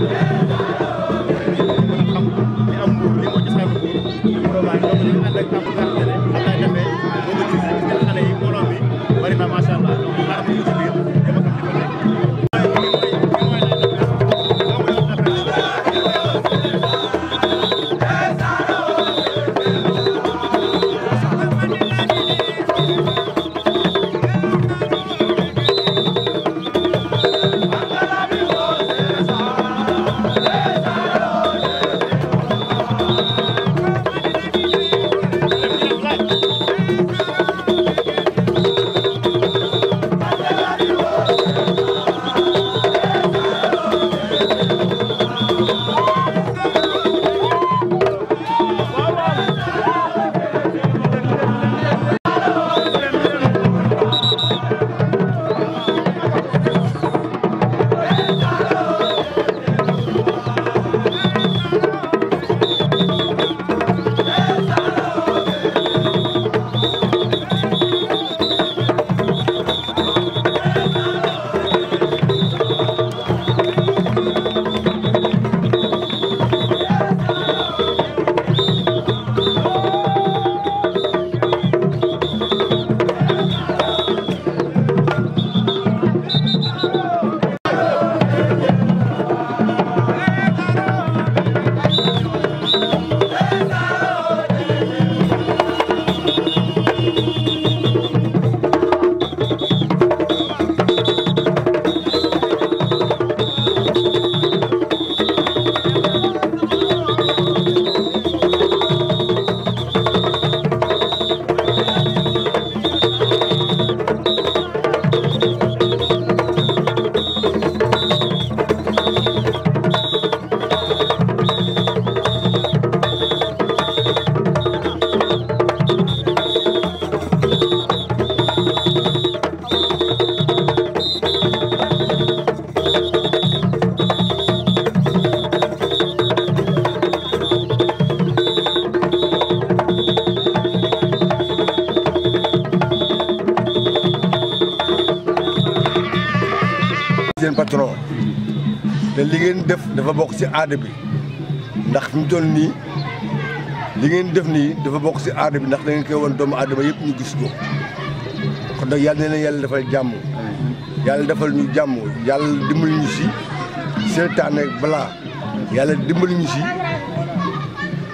li am li moo ci sàmm seen patron te li ngeen def dafa bokk ci aada bi ndax fi mu toll nii li ngeen def nii dafa bokk ci aada bi ndax da ngeen koy woon doomu aadama yëpp ñu gis ko kon nag yàlla na yàlla defal jàmm yàlla defal ñu jàmm yàlla dimbali ñu si seetaan ak balaa yàlla dimbali ñu si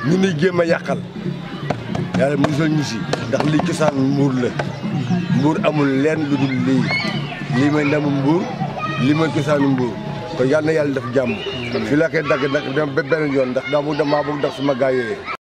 ñu ni jéem a yàqal yàlla musal ñu si ndax li cosaan mbuur la mbuur amul leen lu dul lii lii may ndamu mbuur li ma cosaanu mbuur bu yal na yàlla def jàmm. fi la koy dagg nag dem ba beneen yoon ndax daa bëgg damaa bëgg ndax suma gaa yooyee